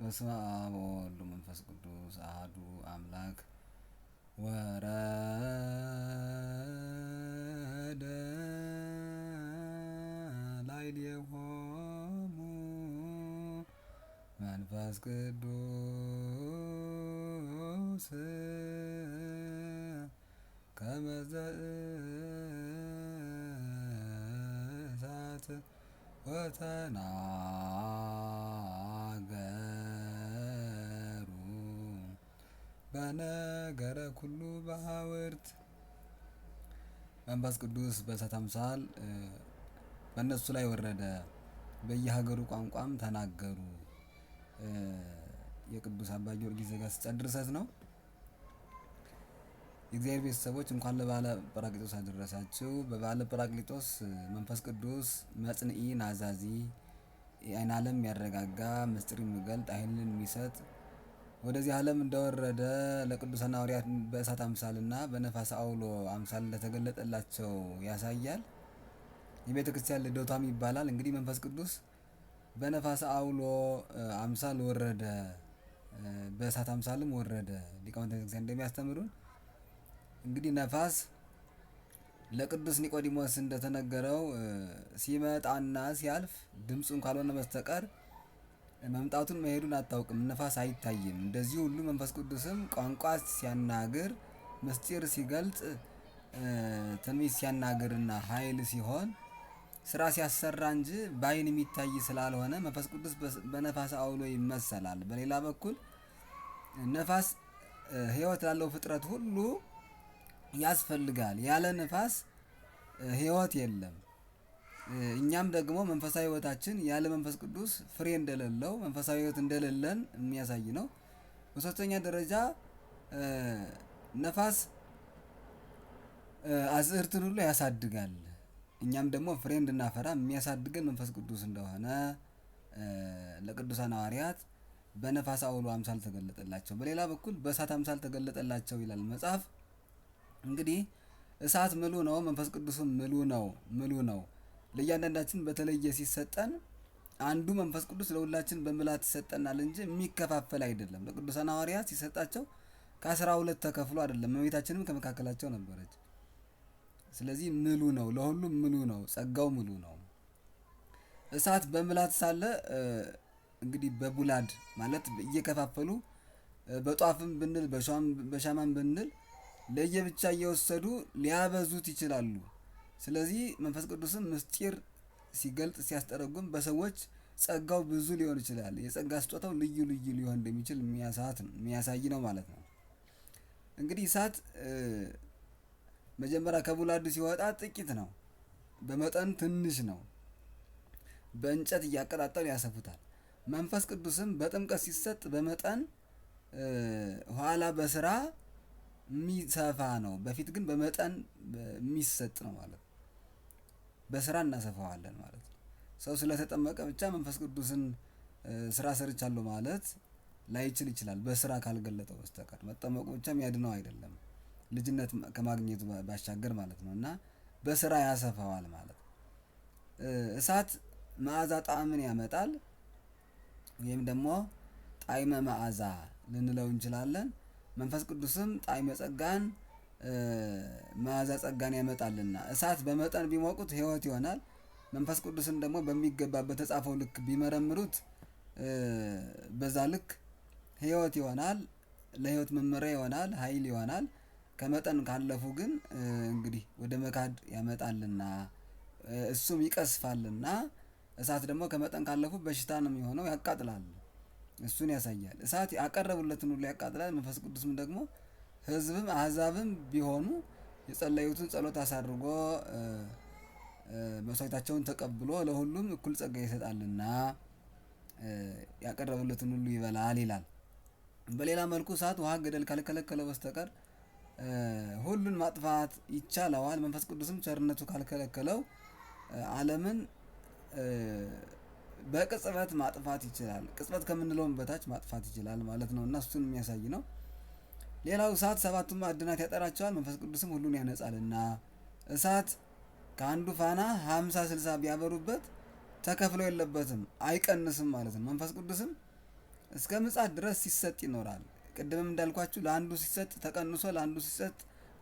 በስመ አብ ወወልድ መንፈስ ቅዱስ አህዱ አምላክ ወረደ ላዕሌሆሙ መንፈስ ቅዱስ ከመ ዘእሳት ወተና በነገረ ኩሉ በሀብርት መንፈስ ቅዱስ በእሳት አምሳል በእነሱ ላይ ወረደ፣ በየሀገሩ ቋንቋም ተናገሩ። የቅዱስ አባ ጊዮርጊስ ዘጋስጫ ድርሰት ነው። የእግዚአብሔር ቤተሰቦች እንኳን ለበዓለ ጰራቅሊጦስ አደረሳችሁ። በበዓለ ጰራቅሊጦስ መንፈስ ቅዱስ መጽንኢ ናዛዚ አይን ዓለም ያረጋጋ ምስጢር የሚገልጥ ኃይልን የሚሰጥ ወደዚህ ዓለም እንደወረደ ለቅዱሳን ሐዋርያት በእሳት አምሳልና በነፋስ አውሎ አምሳል እንደተገለጠላቸው ያሳያል። የቤተ ክርስቲያን ልደቷም ይባላል። እንግዲህ መንፈስ ቅዱስ በነፋስ አውሎ አምሳል ወረደ፣ በእሳት አምሳልም ወረደ። ሊቃውንተ ቤተ ክርስቲያን እንደሚያስተምሩን እንግዲህ ነፋስ ለቅዱስ ኒቆዲሞስ እንደተነገረው ሲመጣና ሲያልፍ ድምፁን ካልሆነ በስተቀር መምጣቱን መሄዱን አታውቅም፣ ነፋስ አይታይም። እንደዚህ ሁሉ መንፈስ ቅዱስም ቋንቋ ሲያናግር፣ ምስጢር ሲገልጽ፣ ትንቢት ሲያናግርና ኃይል ሲሆን ስራ ሲያሰራ እንጂ በአይን የሚታይ ስላልሆነ መንፈስ ቅዱስ በነፋስ አውሎ ይመሰላል። በሌላ በኩል ነፋስ ህይወት ላለው ፍጥረት ሁሉ ያስፈልጋል። ያለ ነፋስ ህይወት የለም። እኛም ደግሞ መንፈሳዊ ህይወታችን ያለ መንፈስ ቅዱስ ፍሬ እንደሌለው መንፈሳዊ ህይወት እንደሌለን የሚያሳይ ነው። በሶስተኛ ደረጃ ነፋስ አዝእርትን ሁሉ ያሳድጋል። እኛም ደግሞ ፍሬ እንድናፈራ የሚያሳድገን መንፈስ ቅዱስ እንደሆነ ለቅዱሳን ሐዋርያት በነፋስ አውሎ አምሳል ተገለጠላቸው፣ በሌላ በኩል በእሳት አምሳል ተገለጠላቸው ይላል መጽሐፍ። እንግዲህ እሳት ምሉ ነው፣ መንፈስ ቅዱስም ምሉ ነው ምሉ ነው። ለእያንዳንዳችን በተለየ ሲሰጠን አንዱ መንፈስ ቅዱስ ለሁላችን በምልአት ይሰጠናል እንጂ የሚከፋፈል አይደለም። ለቅዱሳን ሐዋርያት ሲሰጣቸው ከአስራ ሁለት ተከፍሎ አይደለም። እመቤታችንም ከመካከላቸው ነበረች። ስለዚህ ምሉ ነው፣ ለሁሉም ምሉ ነው፣ ጸጋው ምሉ ነው። እሳት በምላት ሳለ እንግዲህ በቡላድ ማለት እየከፋፈሉ በጧፍም ብንል በሻማም ብንል ለየብቻ እየወሰዱ ሊያበዙት ይችላሉ። ስለዚህ መንፈስ ቅዱስም ምስጢር ሲገልጥ ሲያስጠረጉም በሰዎች ጸጋው ብዙ ሊሆን ይችላል፣ የጸጋ ስጦታው ልዩ ልዩ ሊሆን እንደሚችል የሚያሳይ ነው ማለት ነው። እንግዲህ እሳት መጀመሪያ ከቡላድ ሲወጣ ጥቂት ነው፣ በመጠን ትንሽ ነው። በእንጨት እያቀጣጠሉ ያሰፉታል። መንፈስ ቅዱስም በጥምቀት ሲሰጥ በመጠን ኋላ በስራ የሚሰፋ ነው፣ በፊት ግን በመጠን የሚሰጥ ነው ማለት ነው። በስራ እናሰፋዋለን ማለት ነው። ሰው ስለተጠመቀ ብቻ መንፈስ ቅዱስን ስራ ሰርቻለሁ ማለት ላይችል ይችላል፣ በስራ ካልገለጠው በስተቀር መጠመቁ ብቻ የሚያድነው አይደለም፣ ልጅነት ከማግኘቱ ባሻገር ማለት ነው። እና በስራ ያሰፋዋል ማለት እሳት መዓዛ ጣዕምን ያመጣል ወይም ደግሞ ጣዕመ መዓዛ ልንለው እንችላለን። መንፈስ ቅዱስም ጣዕመ ጸጋን መዓዛ ጸጋን ያመጣልና እሳት በመጠን ቢሞቁት ህይወት ይሆናል። መንፈስ ቅዱስን ደግሞ በሚገባ በተጻፈው ልክ ቢመረምሩት በዛ ልክ ህይወት ይሆናል። ለህይወት መመሪያ ይሆናል፣ ኃይል ይሆናል። ከመጠን ካለፉ ግን እንግዲህ ወደ መካድ ያመጣልና እሱም ይቀስፋልና። እሳት ደግሞ ከመጠን ካለፉ በሽታ ነው የሚሆነው፣ ያቃጥላል። እሱን ያሳያል። እሳት ያቀረቡለትን ሁሉ ያቃጥላል። መንፈስ ቅዱስም ደግሞ ህዝብም አህዛብም ቢሆኑ የጸለዩትን ጸሎት አሳድርጎ መስዋዕታቸውን ተቀብሎ ለሁሉም እኩል ጸጋ ይሰጣልና ያቀረቡለትን ሁሉ ይበላል ይላል። በሌላ መልኩ እሳት፣ ውሃ፣ ገደል ካልከለከለ በስተቀር ሁሉን ማጥፋት ይቻለዋል። መንፈስ ቅዱስም ቸርነቱ ካልከለከለው ዓለምን በቅጽበት ማጥፋት ይችላል። ቅጽበት ከምንለውም በታች ማጥፋት ይችላል ማለት ነው እና እሱን የሚያሳይ ነው። ሌላው እሳት ሰባቱን ማዕድናት ያጠራቸዋል፣ መንፈስ ቅዱስም ሁሉን ያነጻልና። እሳት ከአንዱ ፋና ሀምሳ ስልሳ ቢያበሩበት ተከፍሎ የለበትም አይቀንስም ማለት ነው። መንፈስ ቅዱስም እስከ ምጻት ድረስ ሲሰጥ ይኖራል። ቅድምም እንዳልኳችሁ ለአንዱ ሲሰጥ ተቀንሶ ለአንዱ ሲሰጥ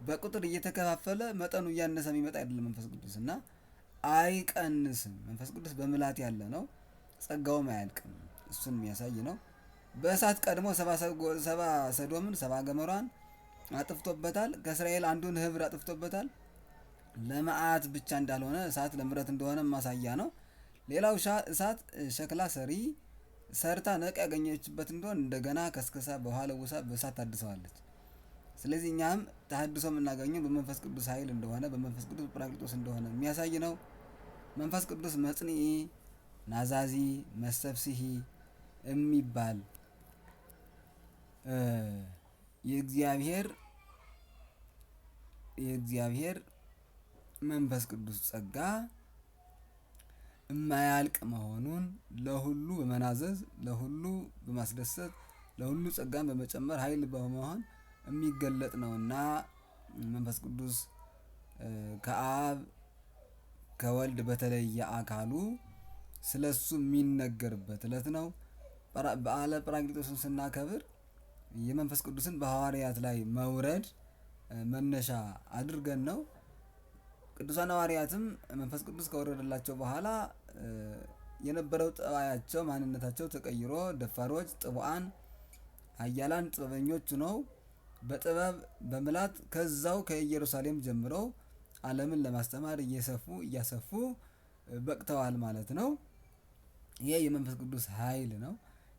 በቁጥር እየተከፋፈለ መጠኑ እያነሰ የሚመጣ አይደለም መንፈስ ቅዱስ እና አይቀንስም። መንፈስ ቅዱስ በምላት ያለ ነው፣ ጸጋውም አያልቅም። እሱን የሚያሳይ ነው። በእሳት ቀድሞ ሰባ ሰዶምን ሰባ ገመሯን አጥፍቶበታል። ከእስራኤል አንዱን ህብር አጥፍቶበታል። ለመዓት ብቻ እንዳልሆነ እሳት ለምረት እንደሆነ ማሳያ ነው። ሌላው እሳት ሸክላ ሰሪ ሰርታ ነቅ ያገኘችበት እንደሆን እንደገና ከስከሳ በኋላ ውሳ በእሳት ታድሰዋለች። ስለዚህ እኛም ተሀድሶ የምናገኘው በመንፈስ ቅዱስ ኃይል እንደሆነ በመንፈስ ቅዱስ ጰራቅሊጦስ እንደሆነ የሚያሳይ ነው። መንፈስ ቅዱስ መጽንዒ ናዛዚ መሰብስሂ የሚባል የእግዚአብሔር የእግዚአብሔር መንፈስ ቅዱስ ጸጋ የማያልቅ መሆኑን ለሁሉ በመናዘዝ ለሁሉ በማስደሰት ለሁሉ ጸጋን በመጨመር ኃይል በመሆን የሚገለጥ ነውና መንፈስ ቅዱስ ከአብ ከወልድ በተለየ አካሉ ስለሱ የሚነገርበት እለት ነው። በዓለ ጰራቅሊጦስን ስናከብር የመንፈስ ቅዱስን በሐዋርያት ላይ መውረድ መነሻ አድርገን ነው። ቅዱሳን ሐዋርያትም መንፈስ ቅዱስ ከወረደላቸው በኋላ የነበረው ጠባያቸው፣ ማንነታቸው ተቀይሮ ደፋሮች፣ ጥቡአን፣ ኃያላን፣ ጥበበኞች ነው በጥበብ በምላት ከዛው ከኢየሩሳሌም ጀምረው ዓለምን ለማስተማር እየሰፉ እያሰፉ በቅተዋል ማለት ነው። ይሄ የመንፈስ ቅዱስ ኃይል ነው።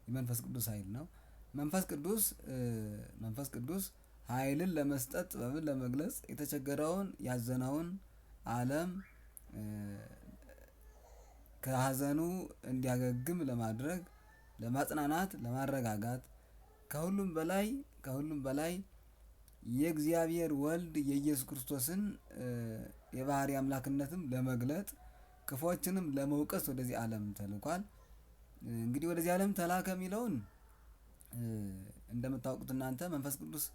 የመንፈስ ቅዱስ ኃይል ነው። መንፈስ ቅዱስ መንፈስ ቅዱስ ኃይልን ለመስጠት ጥበብን ለመግለጽ የተቸገረውን ያዘነውን አለም ከሀዘኑ እንዲያገግም ለማድረግ ለማጽናናት ለማረጋጋት ከሁሉም በላይ ከሁሉም በላይ የእግዚአብሔር ወልድ የኢየሱስ ክርስቶስን የባህሪ አምላክነትም ለመግለጥ ክፎችንም ለመውቀስ ወደዚህ አለም ተልኳል። እንግዲህ ወደዚህ አለም ተላከ የሚለውን እንደምታውቁት እናንተ መንፈስ ቅዱስ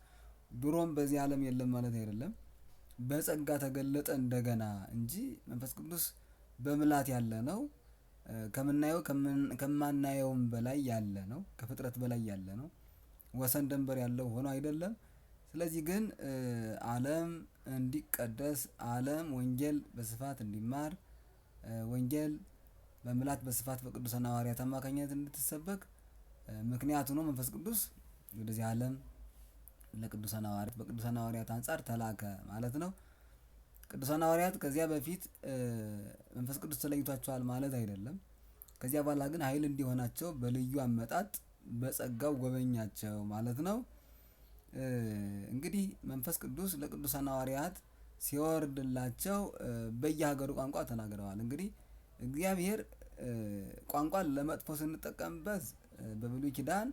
ድሮም በዚህ ዓለም የለም ማለት አይደለም። በጸጋ ተገለጠ እንደገና እንጂ መንፈስ ቅዱስ በምላት ያለ ነው። ከምናየው ከማናየውም በላይ ያለ ነው። ከፍጥረት በላይ ያለ ነው። ወሰን ደንበር ያለው ሆኖ አይደለም። ስለዚህ ግን ዓለም እንዲቀደስ ዓለም ወንጌል በስፋት እንዲማር ወንጌል በምላት በስፋት በቅዱሳን ሐዋርያት አማካኝነት እንድትሰበክ ምክንያቱ ነው። መንፈስ ቅዱስ ወደዚህ ዓለም ለቅዱሳን ሐዋርያት በቅዱሳን ሐዋርያት አንጻር ተላከ ማለት ነው። ቅዱሳን ሐዋርያት ከዚያ በፊት መንፈስ ቅዱስ ተለይቷቸዋል ማለት አይደለም። ከዚያ በኋላ ግን ኃይል እንዲሆናቸው በልዩ አመጣጥ በጸጋው ጎበኛቸው ማለት ነው። እንግዲህ መንፈስ ቅዱስ ለቅዱሳን ሐዋርያት ሲወርድላቸው በየሀገሩ ቋንቋ ተናግረዋል። እንግዲህ እግዚአብሔር ቋንቋን ለመጥፎ ስንጠቀምበት በብሉይ ኪዳን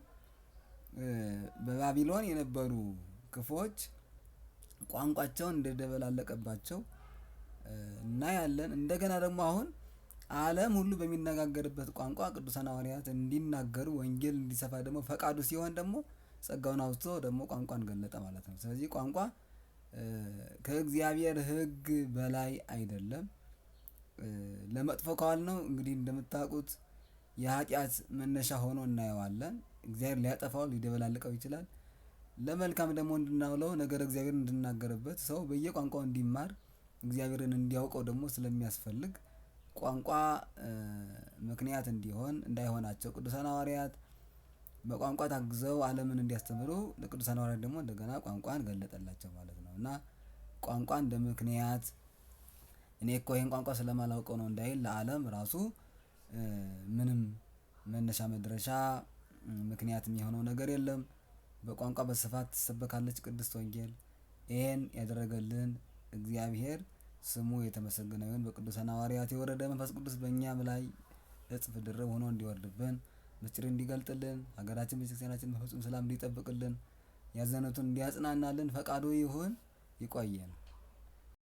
በባቢሎን የነበሩ ክፎች ቋንቋቸውን እንደደበላለቀባቸው እናያለን። እንደገና ደግሞ አሁን ዓለም ሁሉ በሚነጋገርበት ቋንቋ ቅዱሳን ሐዋርያት እንዲናገሩ ወንጌል እንዲሰፋ ደግሞ ፈቃዱ ሲሆን ደግሞ ጸጋውን አውጥቶ ደግሞ ቋንቋን ገለጠ ማለት ነው። ስለዚህ ቋንቋ ከእግዚአብሔር ሕግ በላይ አይደለም። ለመጥፎ ከዋል ነው እንግዲህ እንደምታውቁት የኃጢአት መነሻ ሆኖ እናየዋለን። እግዚአብሔር ሊያጠፋው ሊደበላልቀው ይችላል። ለመልካም ደግሞ እንድናውለው ነገር እግዚአብሔር እንድናገርበት ሰው በየቋንቋው እንዲማር እግዚአብሔርን እንዲያውቀው ደግሞ ስለሚያስፈልግ ቋንቋ ምክንያት እንዲሆን እንዳይሆናቸው ቅዱሳን ሐዋርያት በቋንቋ ታግዘው ዓለምን እንዲያስተምሩ ለቅዱሳን ሐዋርያት ደግሞ እንደገና ቋንቋን ገለጠላቸው ማለት ነው እና ቋንቋ እንደ ምክንያት እኔ እኮ ይህን ቋንቋ ስለማላውቀው ነው እንዳይል ለዓለም ራሱ ምንም መነሻ መድረሻ ምክንያት የሚሆነው ነገር የለም። በቋንቋ በስፋት ትሰበካለች ቅድስት ወንጌል። ይሄን ያደረገልን እግዚአብሔር ስሙ የተመሰገነ ይሁን። በቅዱሳን ሐዋርያት የወረደ መንፈስ ቅዱስ በእኛም ላይ እጥፍ ድርብ ሆኖ እንዲወርድብን ምስጢር እንዲገልጥልን ሀገራችን ቤተክርስቲያናችን በፍጹም ሰላም እንዲጠብቅልን ያዘነቱን እንዲያጽናናልን ፈቃዱ ይሁን። ይቆየን።